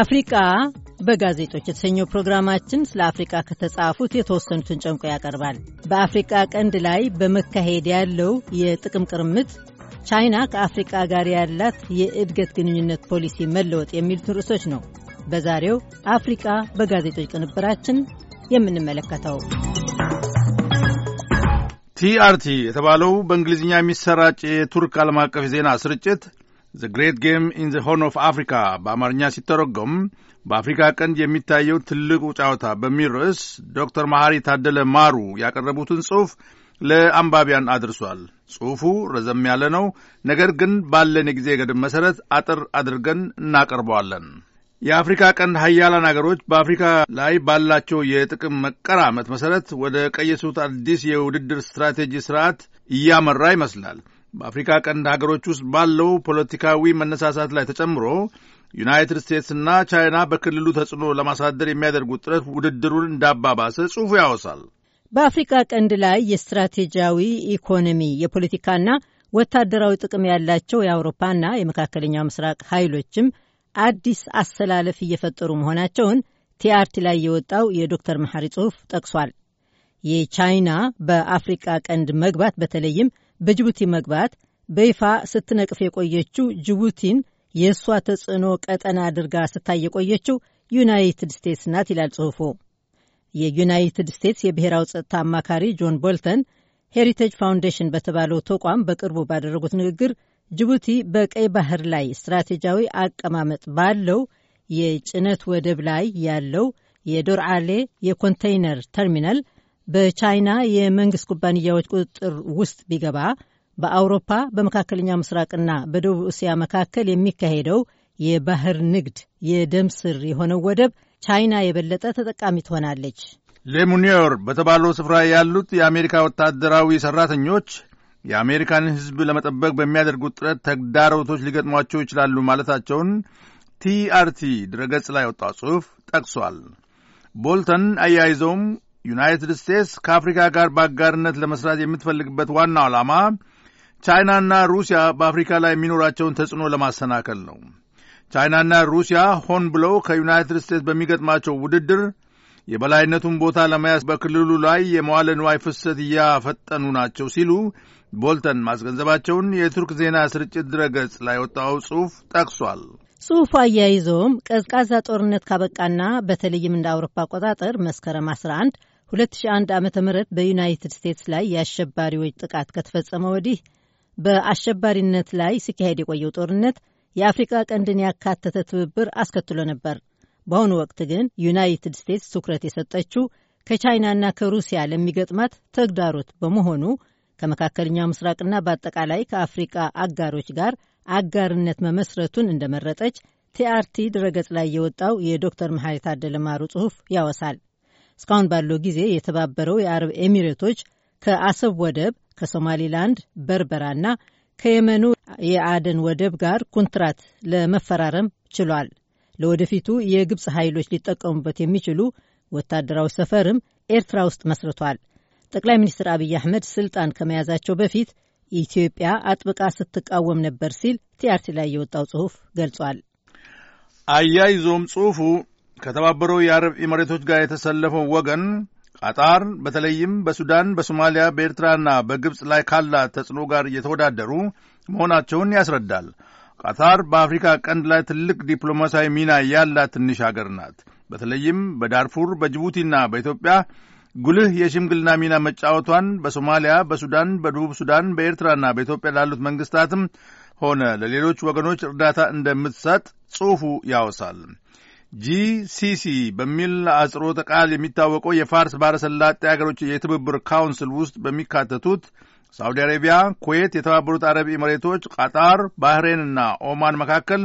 አፍሪቃ በጋዜጦች የተሰኘው ፕሮግራማችን ስለ አፍሪቃ ከተጻፉት የተወሰኑትን ጨምቆ ያቀርባል። በአፍሪቃ ቀንድ ላይ በመካሄድ ያለው የጥቅም ቅርምት፣ ቻይና ከአፍሪቃ ጋር ያላት የእድገት ግንኙነት ፖሊሲ መለወጥ የሚሉትን ርዕሶች ነው በዛሬው አፍሪቃ በጋዜጦች ቅንብራችን የምንመለከተው። ቲአርቲ የተባለው በእንግሊዝኛ የሚሰራጭ የቱርክ ዓለም አቀፍ ዜና ስርጭት ዘ ግሬት ጌም ኢን ዘ ሆርን ኦፍ አፍሪካ በአማርኛ ሲተረጎም በአፍሪካ ቀንድ የሚታየው ትልቁ ጨዋታ በሚል ርዕስ ዶክተር መሐሪ ታደለ ማሩ ያቀረቡትን ጽሑፍ ለአንባቢያን አድርሷል። ጽሑፉ ረዘም ያለ ነው። ነገር ግን ባለን የጊዜ ገደብ መሠረት አጥር አድርገን እናቀርበዋለን። የአፍሪካ ቀንድ ሀያላን አገሮች በአፍሪካ ላይ ባላቸው የጥቅም መቀራመት መሠረት ወደ ቀየሱት አዲስ የውድድር ስትራቴጂ ስርዓት እያመራ ይመስላል። በአፍሪካ ቀንድ ሀገሮች ውስጥ ባለው ፖለቲካዊ መነሳሳት ላይ ተጨምሮ ዩናይትድ ስቴትስና ቻይና በክልሉ ተጽዕኖ ለማሳደር የሚያደርጉት ጥረት ውድድሩን እንዳባባሰ ጽሑፉ ያወሳል። በአፍሪካ ቀንድ ላይ የስትራቴጂያዊ ኢኮኖሚ፣ የፖለቲካና ወታደራዊ ጥቅም ያላቸው የአውሮፓና የመካከለኛው ምስራቅ ኃይሎችም አዲስ አሰላለፍ እየፈጠሩ መሆናቸውን ቲአርቲ ላይ የወጣው የዶክተር መሐሪ ጽሑፍ ጠቅሷል። የቻይና በአፍሪቃ ቀንድ መግባት በተለይም በጅቡቲ መግባት በይፋ ስትነቅፍ የቆየችው ጅቡቲን የእሷ ተጽዕኖ ቀጠና አድርጋ ስታይ የቆየችው ዩናይትድ ስቴትስ ናት ይላል ጽሑፉ። የዩናይትድ ስቴትስ የብሔራዊ ጸጥታ አማካሪ ጆን ቦልተን ሄሪቴጅ ፋውንዴሽን በተባለው ተቋም በቅርቡ ባደረጉት ንግግር ጅቡቲ በቀይ ባህር ላይ ስትራቴጂያዊ አቀማመጥ ባለው የጭነት ወደብ ላይ ያለው የዶርአሌ የኮንቴይነር ተርሚናል በቻይና የመንግስት ኩባንያዎች ቁጥጥር ውስጥ ቢገባ በአውሮፓ በመካከለኛ ምስራቅና በደቡብ እስያ መካከል የሚካሄደው የባህር ንግድ የደም ስር የሆነው ወደብ ቻይና የበለጠ ተጠቃሚ ትሆናለች። ሌሙኒዮር በተባለው ስፍራ ያሉት የአሜሪካ ወታደራዊ ሰራተኞች የአሜሪካን ሕዝብ ለመጠበቅ በሚያደርጉት ጥረት ተግዳሮቶች ሊገጥሟቸው ይችላሉ ማለታቸውን ቲአርቲ ድረገጽ ላይ ወጣ ጽሑፍ ጠቅሷል። ቦልተን አያይዘውም ዩናይትድ ስቴትስ ከአፍሪካ ጋር በአጋርነት ለመስራት የምትፈልግበት ዋናው ዓላማ ቻይናና ሩሲያ በአፍሪካ ላይ የሚኖራቸውን ተጽዕኖ ለማሰናከል ነው። ቻይናና ሩሲያ ሆን ብለው ከዩናይትድ ስቴትስ በሚገጥማቸው ውድድር የበላይነቱን ቦታ ለመያዝ በክልሉ ላይ የመዋለ ንዋይ ፍሰት እያፈጠኑ ናቸው ሲሉ ቦልተን ማስገንዘባቸውን የቱርክ ዜና ስርጭት ድረገጽ ላይ ወጣው ጽሑፍ ጠቅሷል። ጽሑፉ አያይዞውም ቀዝቃዛ ጦርነት ካበቃና በተለይም እንደ አውሮፓ አቆጣጠር መስከረም 11 2001 ዓ ም በዩናይትድ ስቴትስ ላይ የአሸባሪዎች ጥቃት ከተፈጸመ ወዲህ በአሸባሪነት ላይ ሲካሄድ የቆየው ጦርነት የአፍሪቃ ቀንድን ያካተተ ትብብር አስከትሎ ነበር። በአሁኑ ወቅት ግን ዩናይትድ ስቴትስ ትኩረት የሰጠችው ከቻይናና ከሩሲያ ለሚገጥማት ተግዳሮት በመሆኑ ከመካከለኛው ምስራቅና በአጠቃላይ ከአፍሪቃ አጋሮች ጋር አጋርነት መመስረቱን እንደመረጠች ቲአርቲ ድረገጽ ላይ የወጣው የዶክተር መሐሪ ታደለ ጽሑፍ ያወሳል። እስካሁን ባለው ጊዜ የተባበረው የአረብ ኤሚሬቶች ከአሰብ ወደብ ከሶማሊላንድ በርበራና ከየመኑ የአደን ወደብ ጋር ኮንትራት ለመፈራረም ችሏል። ለወደፊቱ የግብፅ ኃይሎች ሊጠቀሙበት የሚችሉ ወታደራዊ ሰፈርም ኤርትራ ውስጥ መስርቷል። ጠቅላይ ሚኒስትር አብይ አህመድ ስልጣን ከመያዛቸው በፊት ኢትዮጵያ አጥብቃ ስትቃወም ነበር ሲል ቲአርቲ ላይ የወጣው ጽሑፍ ገልጿል። አያይዞም ጽሑፉ ከተባበሩ የአረብ ኤምሬቶች ጋር የተሰለፈው ወገን ቀጣር በተለይም በሱዳን፣ በሶማሊያ፣ በኤርትራና በግብፅ ላይ ካላት ተጽዕኖ ጋር እየተወዳደሩ መሆናቸውን ያስረዳል። ቀጣር በአፍሪካ ቀንድ ላይ ትልቅ ዲፕሎማሲያዊ ሚና ያላት ትንሽ አገር ናት። በተለይም በዳርፉር በጅቡቲና በኢትዮጵያ ጉልህ የሽምግልና ሚና መጫወቷን በሶማሊያ፣ በሱዳን፣ በደቡብ ሱዳን፣ በኤርትራና በኢትዮጵያ ላሉት መንግስታትም ሆነ ለሌሎች ወገኖች እርዳታ እንደምትሰጥ ጽሑፉ ያወሳል። ጂሲሲ በሚል አጽሮተ ቃል የሚታወቀው የፋርስ ባረሰላጤ አገሮች የትብብር ካውንስል ውስጥ በሚካተቱት ሳውዲ አረቢያ፣ ኩዌት፣ የተባበሩት አረብ ኤምሬቶች፣ ቃጣር፣ ባህሬንና ኦማን መካከል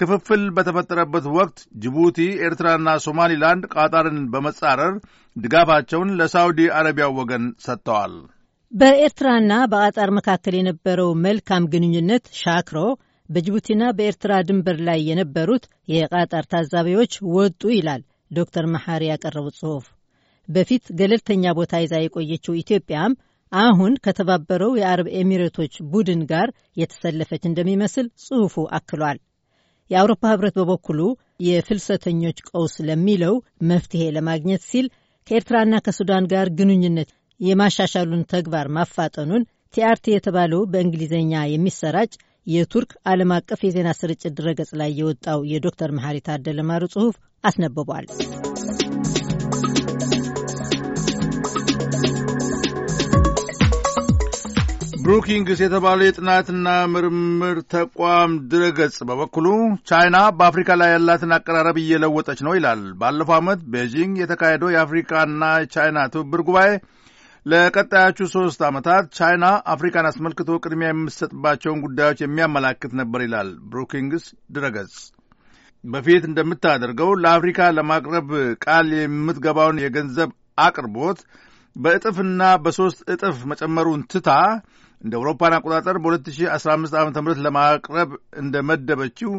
ክፍፍል በተፈጠረበት ወቅት ጅቡቲ፣ ኤርትራና ሶማሊላንድ ቃጣርን በመጻረር ድጋፋቸውን ለሳውዲ አረቢያ ወገን ሰጥተዋል። በኤርትራና በቃጣር መካከል የነበረው መልካም ግንኙነት ሻክሮ በጅቡቲና በኤርትራ ድንበር ላይ የነበሩት የቃጣር ታዛቢዎች ወጡ ይላል ዶክተር መሐሪ ያቀረቡት ጽሑፍ። በፊት ገለልተኛ ቦታ ይዛ የቆየችው ኢትዮጵያም አሁን ከተባበረው የአረብ ኤሚሬቶች ቡድን ጋር የተሰለፈች እንደሚመስል ጽሑፉ አክሏል። የአውሮፓ ህብረት በበኩሉ የፍልሰተኞች ቀውስ ለሚለው መፍትሄ ለማግኘት ሲል ከኤርትራና ከሱዳን ጋር ግንኙነት የማሻሻሉን ተግባር ማፋጠኑን ቲአርቲ የተባለው በእንግሊዝኛ የሚሰራጭ የቱርክ ዓለም አቀፍ የዜና ስርጭት ድረገጽ ላይ የወጣው የዶክተር መሐሪ ታደለ ማሩ ጽሑፍ አስነብቧል። ብሩኪንግስ የተባለ የጥናትና ምርምር ተቋም ድረገጽ በበኩሉ ቻይና በአፍሪካ ላይ ያላትን አቀራረብ እየለወጠች ነው ይላል። ባለፈው ዓመት ቤጂንግ የተካሄደው የአፍሪካና ቻይና ትብብር ጉባኤ ለቀጣዮቹ ሦስት ዓመታት ቻይና አፍሪካን አስመልክቶ ቅድሚያ የምትሰጥባቸውን ጉዳዮች የሚያመላክት ነበር ይላል ብሩኪንግስ ድረገጽ። በፊት እንደምታደርገው ለአፍሪካ ለማቅረብ ቃል የምትገባውን የገንዘብ አቅርቦት በእጥፍና በሦስት እጥፍ መጨመሩን ትታ እንደ አውሮፓን አቆጣጠር በ2015 ዓ ም ለማቅረብ እንደ መደበችው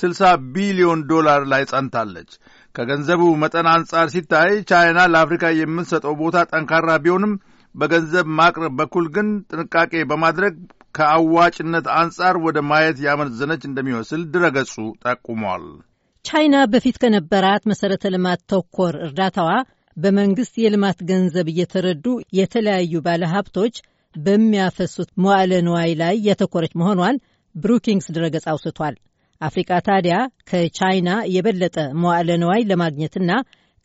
60 ቢሊዮን ዶላር ላይ ጸንታለች። ከገንዘቡ መጠን አንጻር ሲታይ ቻይና ለአፍሪካ የምትሰጠው ቦታ ጠንካራ ቢሆንም በገንዘብ ማቅረብ በኩል ግን ጥንቃቄ በማድረግ ከአዋጭነት አንጻር ወደ ማየት ያመዘነች እንደሚመስል ድረገጹ ጠቁሟል። ቻይና በፊት ከነበራት መሠረተ ልማት ተኮር እርዳታዋ በመንግሥት የልማት ገንዘብ እየተረዱ የተለያዩ ባለሀብቶች በሚያፈሱት መዋዕለ ንዋይ ላይ ያተኮረች መሆኗን ብሩኪንግስ ድረገጽ አውስቷል። አፍሪቃ ታዲያ ከቻይና የበለጠ መዋዕለ ንዋይ ለማግኘትና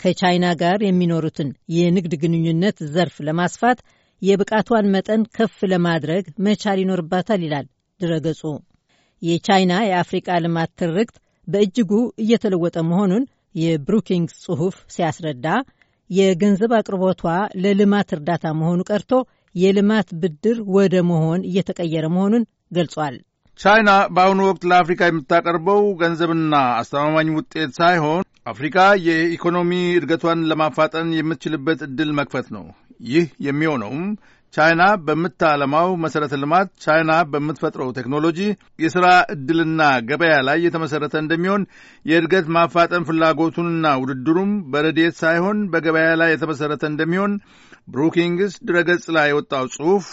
ከቻይና ጋር የሚኖሩትን የንግድ ግንኙነት ዘርፍ ለማስፋት የብቃቷን መጠን ከፍ ለማድረግ መቻል ይኖርባታል ይላል ድረገጹ። የቻይና የአፍሪቃ ልማት ትርክት በእጅጉ እየተለወጠ መሆኑን የብሩኪንግስ ጽሑፍ ሲያስረዳ የገንዘብ አቅርቦቷ ለልማት እርዳታ መሆኑ ቀርቶ የልማት ብድር ወደ መሆን እየተቀየረ መሆኑን ገልጿል። ቻይና በአሁኑ ወቅት ለአፍሪካ የምታቀርበው ገንዘብና አስተማማኝ ውጤት ሳይሆን አፍሪካ የኢኮኖሚ እድገቷን ለማፋጠን የምትችልበት ዕድል መክፈት ነው። ይህ የሚሆነውም ቻይና በምታለማው መሠረተ ልማት፣ ቻይና በምትፈጥረው ቴክኖሎጂ፣ የሥራ ዕድልና ገበያ ላይ የተመሠረተ እንደሚሆን የእድገት ማፋጠን ፍላጎቱንና ውድድሩም በረድኤት ሳይሆን በገበያ ላይ የተመሠረተ እንደሚሆን ብሩኪንግስ ድረገጽ ላይ የወጣው ጽሑፍ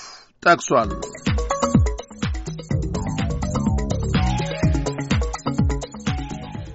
ጠቅሷል።